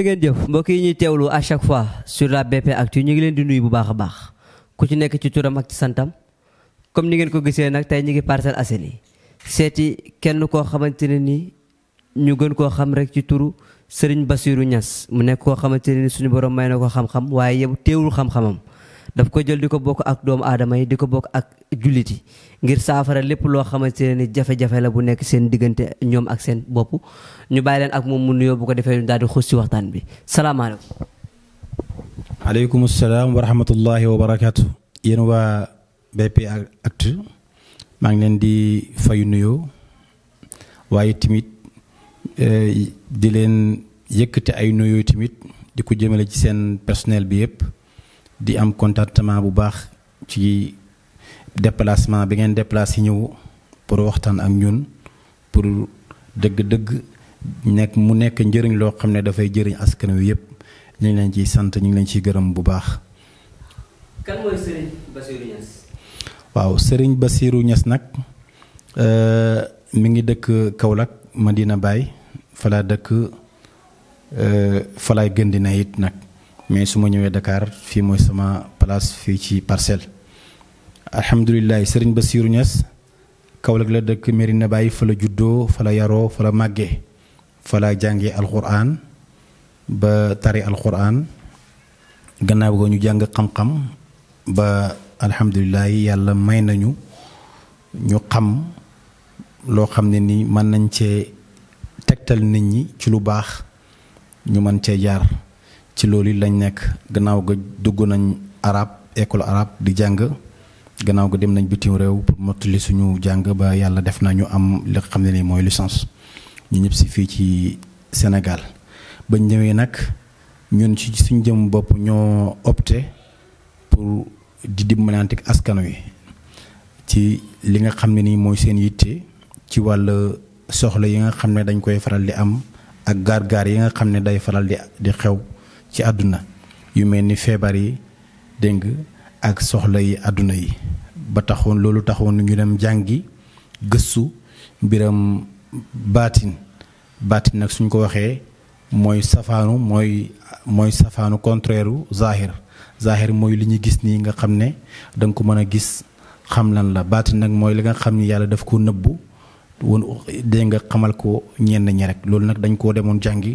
jërë jëf mbokk yi ñuy teewlu à chaque fois sur la BP Actu ñu ngi leen di nuy bu baax a baax ku ci nekk ci turam ak ci santam comme ni ngeen ko gisee nag tey ñi ngi Parcelles Assainies seeti kenn koo xamante ne ni ñu gën koo xam rek ci turu Serigne Bassirou ñas mu nekk koo xamante ne ni suñu borom may na ko xam-xam waaye yow teewul xam-xamam. daf ko jël di ko bokk ak doomu aadama yi di ko bokk ak jullit yi ngir saafara lépp loo xamante ne jafe-jafe la bu nekk seen diggante ñoom ak seen bopp ñu bàyyi leen ak moom mu nuyoo bu ko defee daal di ci waxtaan bi salaamaaleykum. aleykum salaam wa rahmatullahi wa barakaatu. yéen waa BP Actu maa ngi leen di fayu nuyoo waaye tamit eh, di leen yëkkate ay nuyoo tamit di ko jëmale ci seen personnel bi yëpp. di am contentement bu baax ci déplacement bi ngeen déplacé ñëw pour waxtaan ak ñun pour dëgg-dëgg nekk mu nekk njëriñ loo xam ne dafay jëriñ askan wi yëpp ñu ngi leen ciy sant ñu ngi leen ciy gërëm bu baax. kan mooy Serigne Bassirou Niass. waaw Serigne Bassirou Niass nag euh, mi ngi dëkk Kaolack Madina Baye fa laa dëkk euh, fa laay gën di it nag. mais su ma ñëwee Dakar fii mooy sama place fii ci parcelle. alhamdulilah Serigne Bassirou Niass Kaolack la dëkk Medina Baye fa la juddoo fala la yaroo fa màggee fa la jàngee alxuraan ba tari alxuraan gannaaw ga ñu jàng xam-xam ba alhamdulilah yàlla may nañu ñu xam loo xam ne ni mën nañ cee tegtal nit ñi ci lu baax ñu mën cee jaar. ci loolu it lañ nekk gannaaw ga dugg nañ arab école arabe di jàng gannaaw ga dem nañ bitim réew pour mottali suñu jàng ba yàlla def na ñu am li xam ne ni mooy licence ñu ñëpp si fii ci Sénégal bañ ñëwee nag ñun ci suñ jëm bopp ñoo opte pour di dimbalante ak askan wi ci li nga xam ne ni mooy seen yitte ci wàll soxla yi nga xam ne dañ koy faral di am ak gar gaar yi nga xam ne day faral di di xew ci àdduna yu mel ni feebar yi dégg ak soxla yi àdduna yi ba taxoon loolu taxoon ñu dem jàngi gëstu biram baatin baatin nag suñ ko waxee mooy safaanu mooy mooy safaanu contraire u zahir mooy li ñu gis nii nga xam ne danga ko mën a gis xam lan la baatin nag mooy li nga xam ni yàlla daf ko nëbbu woon dégg nga xamal ko ñenn ñi loolu nag dañ koo demoon jàngi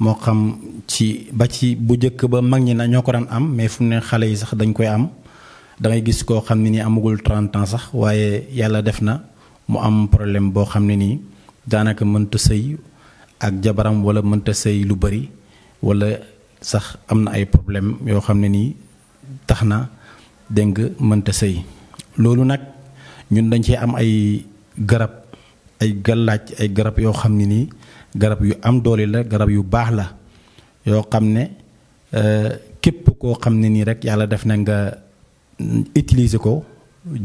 moo xam ci ba ci bu njëkk ba mag ñi na ñoo ko daan am mais fu ne xale yi sax dañ koy am da gis koo xam ne nii amagul 30 ans sax waaye yàlla def na mu am problème boo xam ne nii daanaka mënta sëy ak jabaram wala mënta sëy lu bari wala sax am na ay problème yoo xam ne nii tax na dégg nga mënta sëy loolu nag ñun dañ ci am ay garab ay gàllaaj ay garab yoo xam ne nii garab yu am doole la garab yu baax la yoo xam ne euh, képp koo xam ne nii rek yàlla def na nga utiliser ko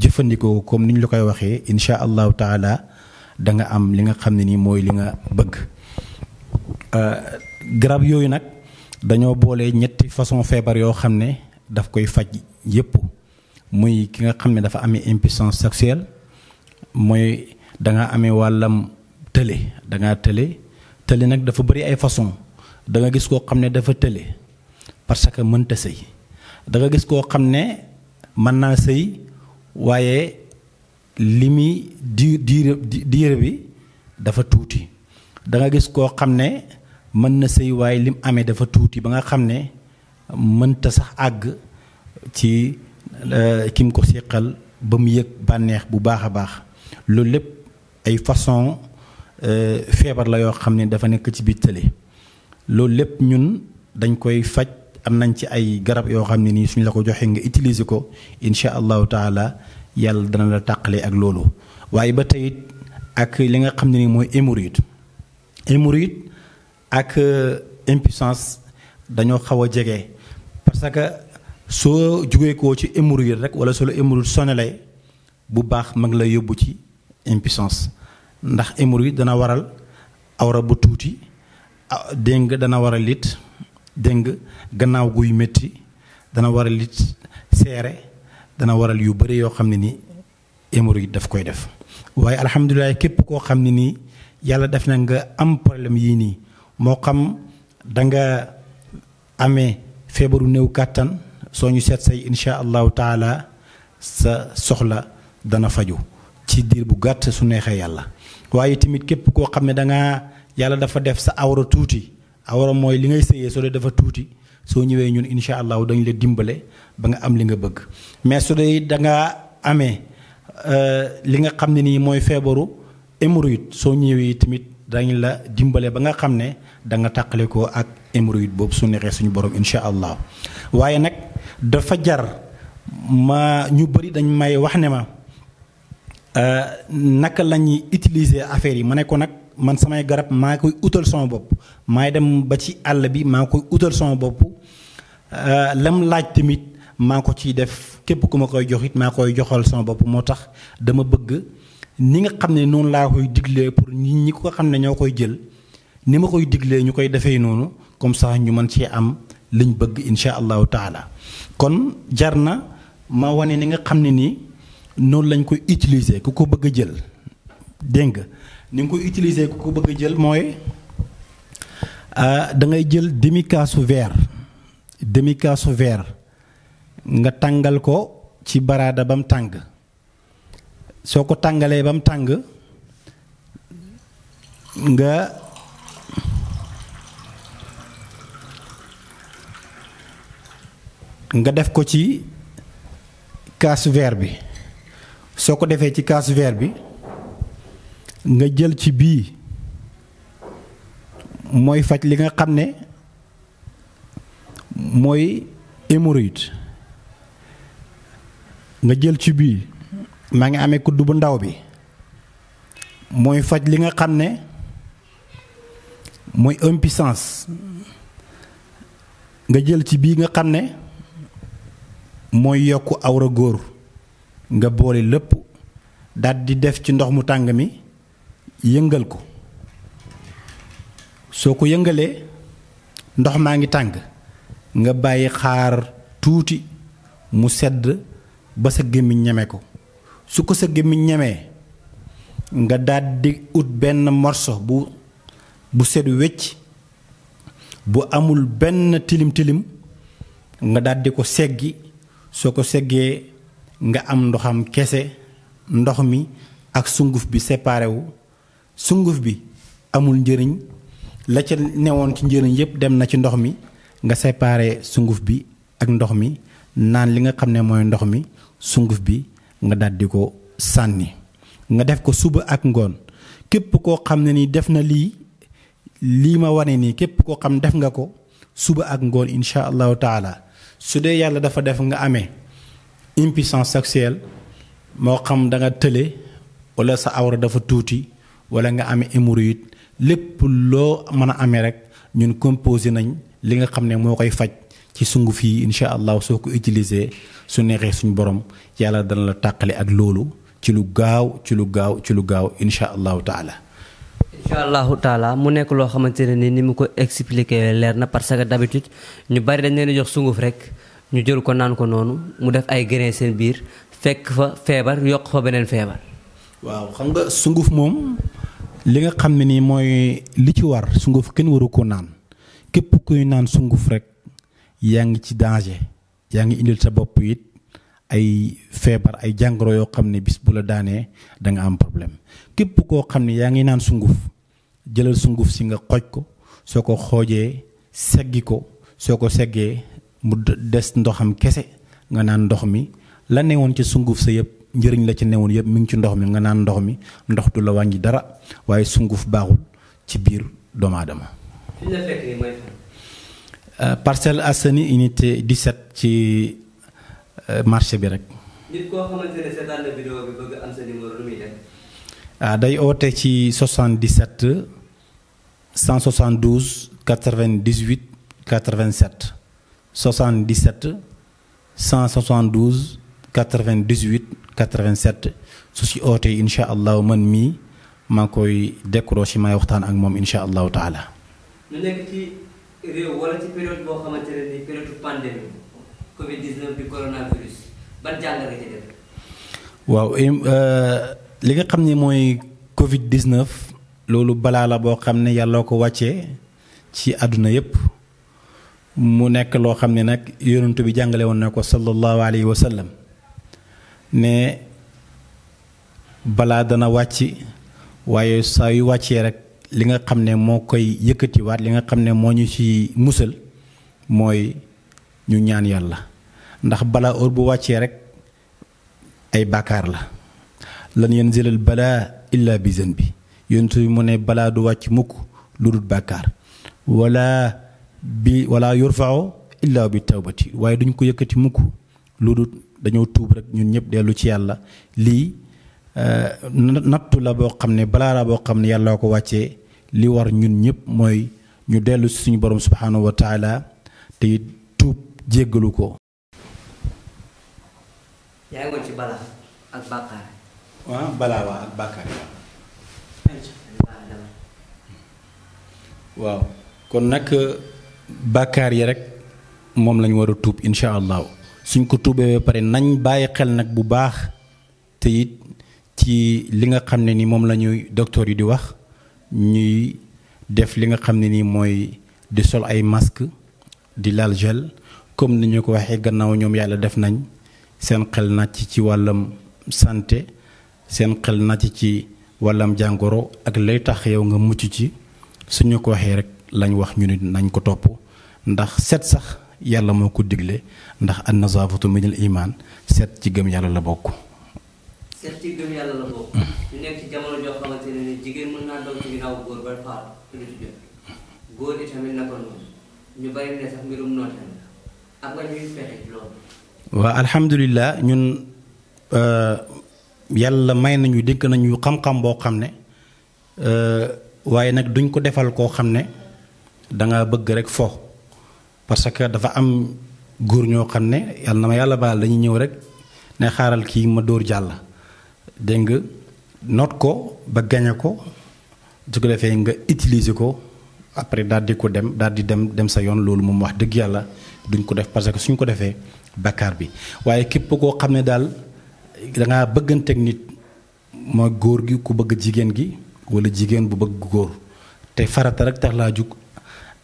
jëfandikoo comme ni ñu la koy waxee incha allahu taala da nga am li nga xam ne nii mooy li nga bëgg euh, garab yooyu nag dañoo boole ñetti façon feebar yoo xam ne daf koy faj yépp muy ki nga xam ne dafa amee impuissance sexuelle mooy danga ngaa amee wàllam tële da tële tële nag dafa bari ay façon da nga gis koo xam ne dafa tële parce que mënta sëy da nga gis koo xam ne mën naa sëy waaye li muy di bi dafa tuuti da gis koo xam ne mën na sëy waaye lim amee dafa tuuti ba nga xam ne mënta sax àgg ci euh, kim ko séqal ba mu yëg bànneex bu baax a baax loolu lépp ay façon euh, feebar la yoo xam ne dafa nekk ci biir tële loolu lépp ñun dañ koy faj am nañ ci ay garab yoo xam ne nii suñ la ko joxee nga utiliser ko incha allahu taala yàlla dana la tàqalee ak loolu waaye ba tey it ak li nga xam ne nii mooy hémorroïde hémorroïde ak euh, impuissance dañoo xaw a jege parce que soo jugee koo ci hémorroïde rek wala soo la hémorroïde sonale bu baax mag la yóbbu ci impuissance ndax hémorroïde dana waral awra bu tuuti ah, dégg nga dana waral it dégg nga gannaaw guy métti dana waral it seere dana waral yu bëri yoo xam ne ni hémorroïde daf koy def waaye alhamdulilah képp koo xam ne nii yàlla def na nga am problème yii nii moo xam danga nga amee feebaru néew kàttan soo ñu seet say incha allahu taala sa soxla dana faju ci diir bu gàtt su neexee yàlla waaye tamit képp koo xam ne da nga yàlla dafa def sa awra tuuti awra mooy li ngay sëyee soo dee dafa tuuti soo ñëwee ñun incha allahu dañu la dimbale ba nga am li nga bëgg mais su dee da nga amee euh, li nga xam ne nii mooy feebaru hémorroïde soo ñëwee tamit dañ la dimbale ba nga xam ne da nga ko ak hémorroïde boobu su neexee suñu borom incha allah waaye nag dafa jar ma ñu bëri dañ may wax ne ma. Euh, naka la ñuy utiliser affaire yi ma ne ko nag man samay garab maa koy utal sama bopp maay dem ba ci àll bi maa koy utal sama bopp euh, lem laaj tamit maa ko ciy def képp ku ma koy jox it maa koy joxal sama bopp moo tax dama bëgg ni nga xam ne noonu laa koy diglee pour nit ñi ko xam ne ñoo koy jël ni ma koy diglee ñu koy defee noonu comme sax ñu man cee am liñ bëgg incha allahu taala kon jar na ma wane ni nga xam ne nii. noonu lañ koy utiliser ku ko bëgg a jël dégg nga ni nga koy utiliser ku ko bëgg a jël mooy ah, da ngay jël demi kaasu verre demi kaasu verre nga tàngal ko ci baraada ba mu tàng soo ko tàngalee ba mu tàng nga nga def ko ci kaas verre bi soo ko defee ci kaas verre bi nga jël ci bii mooy faj li nga xam ne mooy hémorroïde nga jël ci bii maa ngi amee kudd bu ndaw bi mooy faj li nga xam ne mooy impuissance nga jël ci bii nga xam ne mooy yokk awra góor nga boole lépp daal def ci ndox mu tàng mi yëngal ko soo ko yëngalee ndox maa ngi tàng nga bàyyi xaar tuuti mu sedd ba sa gémmiñ ñeme ko su ko sa gémmiñ ñemee nga daal ut benn morso bu sedd wecc bu amul benn tilim tilim nga daal ko seggi soo ko seggee nga am ndoxam kese ndox mi ak sunguf bi séparé wu sunguf bi amul njëriñ la ca newoon ci njëriñ yépp dem na ci ndox mi nga séparé sunguf bi ak ndox mi naan li nga xam ne mooy ndox mi sunguf bi nga daldi ko sànni nga def ko suba ak ngoon képp koo xam ne ni def na lii lii ma wane nii képp koo xam def nga ko suba ak ngoon incha allahu taala su dee yàlla dafa def nga amee impuissance sexuelle moo xam danga tële wala sa awra dafa tuuti wala nga amee hémorroïde lépp loo mën a amee rek ñun composé nañ li nga xam ne moo koy faj ci sunguf yi incha allah soo ko utilisé su neexee suñu borom yàlla dana la tàqale ak loolu ci lu gaaw ci lu gaaw ci lu gaaw incha allahu taala. incha allahu taala mu nekk loo xamante ne ni ni mu ko expliqué leer na parce que d'habitude ñu bari dañ leen jox sunguf rek. ñu jël ko naan ko noonu mu def ay grain seen biir fekk fa feebar yokk fa beneen feebar. waaw xam nga sunguf moom li nga xam ne nii mooy li ci war sunguf kenn waru ko naan képp kuy naan sunguf rek yaa ngi ci danger yaa ngi indil sa bopp it ay feebar ay jàngoro yoo xam ne bis bu la daanee danga am problème képp koo xam ne yaa ngi naan sunguf jëlal sunguf si nga xooj ko soo ko xoojee seggi ko soo ko seggee mu des ndoxam kese nga naan ndox mi la newoon ci sunguf sa yëpp njëriñ la ci newoon yëpp mu ngi ci ndox mi nga naan ndox mi ndox du la wàññi dara waaye sunguf baaxul ci biir doomu aadama. Euh, Parcelles Assainies unité 17 ci euh, marché bi rek. nit ah, day oote ci 77 172 98 87. 77 172 98 87 su si ootee incha allahu man mii maa koy décroché maay waxtaan ak moom incha allahu taala. lu nekk ci réew wala ci période boo xamante ne nii période pandémie coronavirus ban jàngat nga ci def. waaw eh, euh, li nga xam ni mooy Covid 19 loolu balaa la boo xam ne yàlla ko wàccee ci àdduna yépp mu nekk loo xam ne nag yonent bi jàngale woon na ko sallallahu alayhi wa sallam ne balaa dana wàcc waaye saa yu wàccee rek li nga xam ne moo koy yëkkatiwaat li nga xam ne moo ñu ci musal mooy ñu ñaan yàlla ndax balaa óor bu wàccee rek ay bàkkaar la lan yanzilal balaa illa bi zan bi yonent bi mu ne balaa du wàcc mukk lu dul bàkkaar wala bi wala yurfao illa bi tawbati waaye duñ ko yëkkati mukk lu dul dañoo tuub rek ñun ñëpp dellu ci yàlla lii euh, nattu la boo xam ne balaa la boo xam ne yàlla ko wàcce li war ñun ñëpp mooy ñu dellu si suñu borom subhanahu wa taala tuub jéggalu ko. waaw kon nag. bàkkaar yi rek moom lañu war a tuub incha allahu suñ ko tuubee ba pare nañ bàyyi xel nag bu baax te it ci li nga xam ne nii moom la ñuy docteur yi di wax ñuy def li nga xam ne nii mooy di sol ay masque di laal gel comme ni ko waxee gannaaw ñoom yàlla def nañ seen xel nàcc ci wàllam santé seen xel natt ci wàllam jàngoro ak lay tax yow nga mucc ci suñu ko waxee rek lañ wax ñu ni nañ ko topp ndax seet sax yàlla moo ko digle ndax an nazaafatu min al iman set ci gëm yàlla la bokk. set ci gëm yàlla la bokk. Mm. ñu nekk ci jamono joo xamante ne ni jigéen mën naa doon ci ginnaaw góor ba ne sax mbirum ñun euh, yàlla may nañu dénk nañu xam-xam boo xam ne euh, waaye nag duñ ko defal koo xam ne da nga bëgg rek fo. parce que dafa am góor ñoo xam ne yàlla na ma yàlla baal dañuy ñëw rek ne xaaral kii ma dóor jàll dégg nga noot ko ba gañe ko su ko defee nga utiliser ko après daal di ko dem daal di dem dem sa yoon loolu moom wax dëgg yàlla duñ ko def parce que suñ ko defee bakkaar bi waaye képp koo xam ne daal da ngaa bëgganteeg nit mooy góor gi ku bëgg jigéen gi wala jigéen bu bëgg góor te farata rek tax laa jug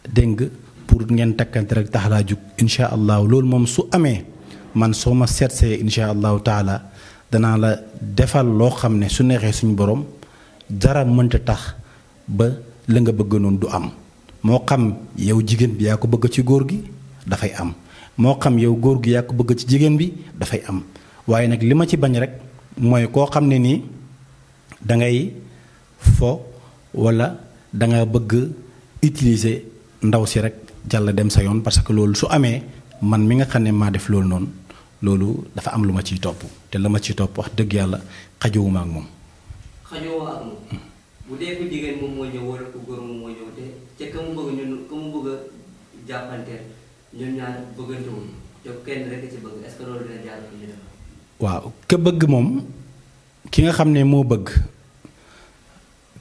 dégg nga pour ngeen takkante rek tax laa jug incha allahu loolu moom su amee man soo ma seetsee incha allahu taala danaa la defal loo xam ne su neexee suñu borom dara mënta tax ba la nga bëgg noonu du am moo xam yow jigéen bi yaa ko bëgg ci góor gi dafay am moo xam yow góor gi yaa ko bëgg ci jigéen bi dafay am waaye nag li ma ci bañ rek mooy koo xam ne nii da ngay fo wala da nga bëgg utiliser ndaw si rek jàll dem sa yoon parce que loolu su amee man mi nga xam ne maa def loolu noonu loolu dafa am lu ma ciy topp te la ma ciy topp wax dëgg yàlla xajowuma ak moom. xajowuma ak hmm. moom. ki nga xam ne moo bëgg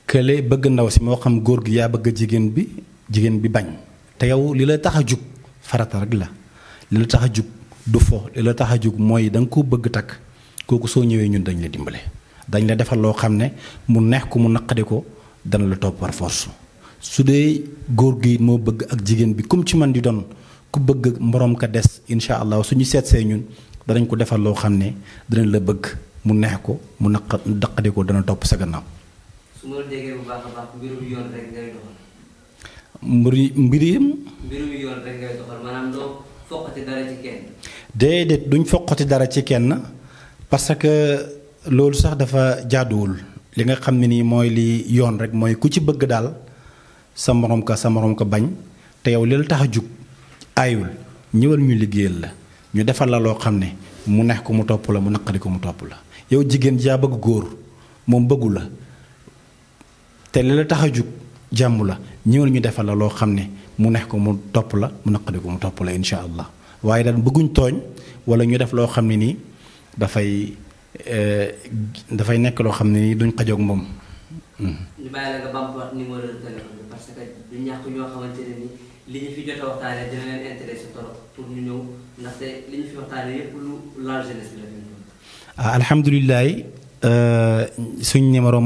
kële bëgg ndaw si moo xam góor gi yaa bëgg jigéen bi jigéen bi bañ. te yow li la tax a jug farata rek la li la tax a jug du fo li la tax a jug mooy da nga ko bëgg takk kooku soo ñëwee ñun dañ la dimbale dañ la defal loo xam ne mu neex ko mu naqadi ko dana la topp par force su dee góor gi moo bëgg ak jigéen bi comme ci man di doon ku bëgg moroom ka des incha allah suñu seetsee ñun danañ ko defal loo xam ne danañ la bëgg mu neex ko mu naqa daqadi ko dana topp sa gannaaw. mbir mbirim. mbirum déedéet duñ foqati dara ci kenn parce que loolu sax dafa jaaduwul li nga xam ne nii mooy li yoon rek mooy ku ci bëgg daal sa morom ka sa moroom ko bañ te yow li la tax a jug aayul ñëwal ñu liggéeyal la ñu defal la loo xam ne mu neex ko mu topp la mu naqari ko mu topp la yow jigéen jaa bëgg góor moom bëggu la te li la tax a jug. jàmm la ñëwal ñu defal la loo xam ne mu neex ko mu topp la mu naqari ko mu topp la incha allah waaye daal bëgguñ tooñ wala ñu def loo xam ne nii dafay eh, dafay nekk loo xam ne nii duñ xajoog moom. Hmm. ñu bàyyi numéro de téléphone fi jot a waxtaanee dina leen intéressé trop pour ñu ñëw ndaxte li fi waxtaanee yépp lu laal jeunesse bi la. ah alhamdulilah euh, suñ numéro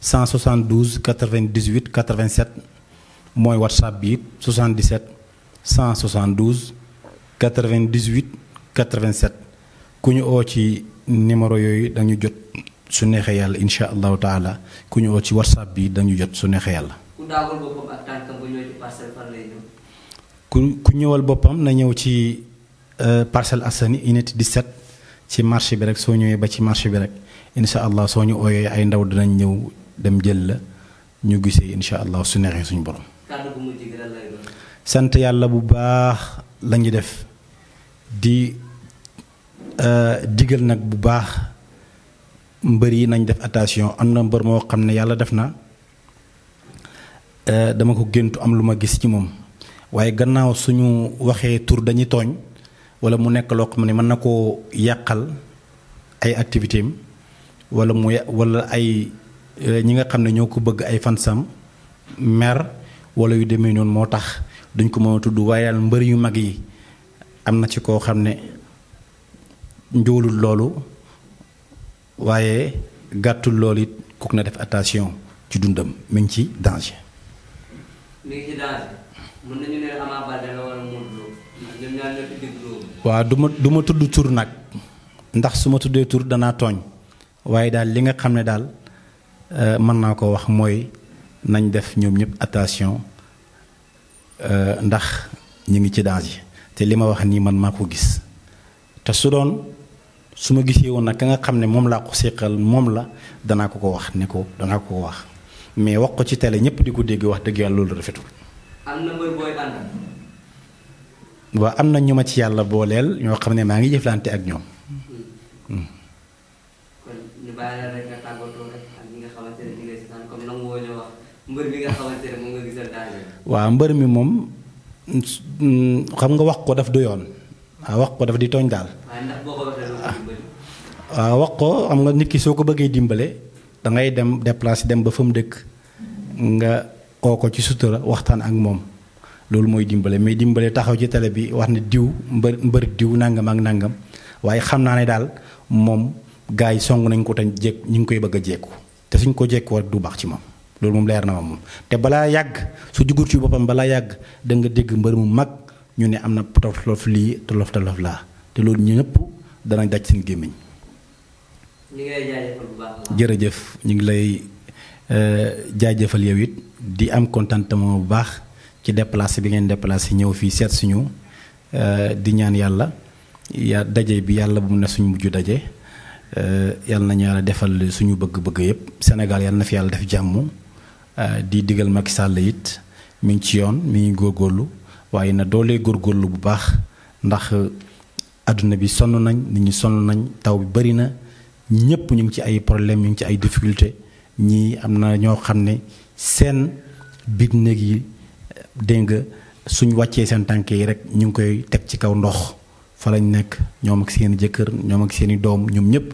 172 98 87 mooy whatsapp bi 77 172 98 87 ku ñu ci numéro yooyu dañu jot su neexee yàlla incha allahu ku ñu oo ci whatsapp bii dañu jot su neexee yàlla. ku ci parcelle ku ñëwal boppam na ñëw ci euh, Parcelles Assainies unité 17 ci marché bi rek soo ñëwee ba ci marché bi rek incha allah soo ñu ooyee ay ndaw dinañ ñëw. dem jël la ñu gisee incha allah su neexee suñu borom. sant yàlla bu baax lañu def di euh, digal nag bu baax mbër yi nañ def attention am na mbër moo xam ne yàlla def na euh, dama ko géntu am lu ma gis ci moom waaye gannaaw suñu waxee tur dañuy tooñ wala mu nekk loo xam ne mën na koo yàqal ay activité am wala mu wala ay. Euh, ñi nga xam ne ñoo ko bëgg ay fansam mer wala yu demee noonu moo tax duñ ko mën a tudd waaye daal mbër yu mag yi am na ci koo xam ne njoolul loolu waaye gàttu loolu it kooku na def attention ci dundam mi ci danger. waa ngi ci du ma du tudd tur nag ndax su ma tuddee tur danaa tooñ waaye daal li nga xam ne daal. Euh, mën naa ko wax mooy nañ def ñoom ñëpp attention euh, ndax ñu ngi ci danger te li ma wax nii man maa ko gis te su doon su ma gisee woon nag ka nga xam ne moom laa ko séqal moom la dana ko ko wax ne ko danaa ko ko wax mais wax ko ci télé ñëpp di ko dégg wax dëgg yàlla loolu rafetul. waa am na ñu ma ci yàlla booleel ñoo xam ne maa ngi jëflante ak ñoom. Hmm. Hmm. waa mbër mi moom xam nga wax ko daf du yoon waaw wax ko daf di tooñ daal. waaye wax ko xam nga nit ki soo ko bëggee dimbale da ngay dem déplacer dem ba fa mu dëkk nga oo ko ci sutura waxtaan ak moom loolu mooy dimbale mais dimbale taxaw ci télé bi wax ne diw mbër mbër diw nangam ak nangam waaye xam naa ne daal moom. gars yi song nañ ko te jékk ñu ngi koy bëgg a jékku te suñ ko jékku rek du baax ci moom loolu moom leer na ma moom te balaa yàgg su jugur ci boppam balaa yàgg da nga dégg mbër mu mag ñu ne am na tolof lii tolof tolof laa te loolu ñu ñëpp dana daj seen gémmiñ jërëjëf ñu ngi lay euh, jaajëfal yow it di am contentement bu baax ci déplacé bi ngeen déplacé ñëw fii seet suñu euh, di ñaan yàlla ya daje bi yàlla bu mu ne suñu mujj daje. Eh, yal nañu yàlla defal suñu bëgg-bëgg yëpp Sénégal yal na fi yàlla def jàmm eh, di digal Macky Sall it mi ngi ci yoon mi ngi góorlu waaye na góor góorlu bu baax ndax àdduna bi sonn nañ nit ñi sonn nañ taw bi bëri na ñëpp ñu ngi ci ay problème ñu ngi ci ay difficulté ñii am na ñoo xam ne seen biir néeg yi eh, dégg nga suñ wàccee seen tànk yi rek ñu ngi koy teg ci kaw ndox fa lañ nekk ñoom ak seeni jëkkër ñoom ak seeni i doom ñoom ñëpp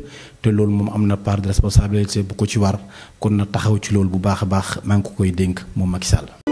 te loolu moom am na part de responsabilité bu ko ci war kon na taxaw ci loolu bu baax a baax maa ngi ko koy dénk moom Macky Sall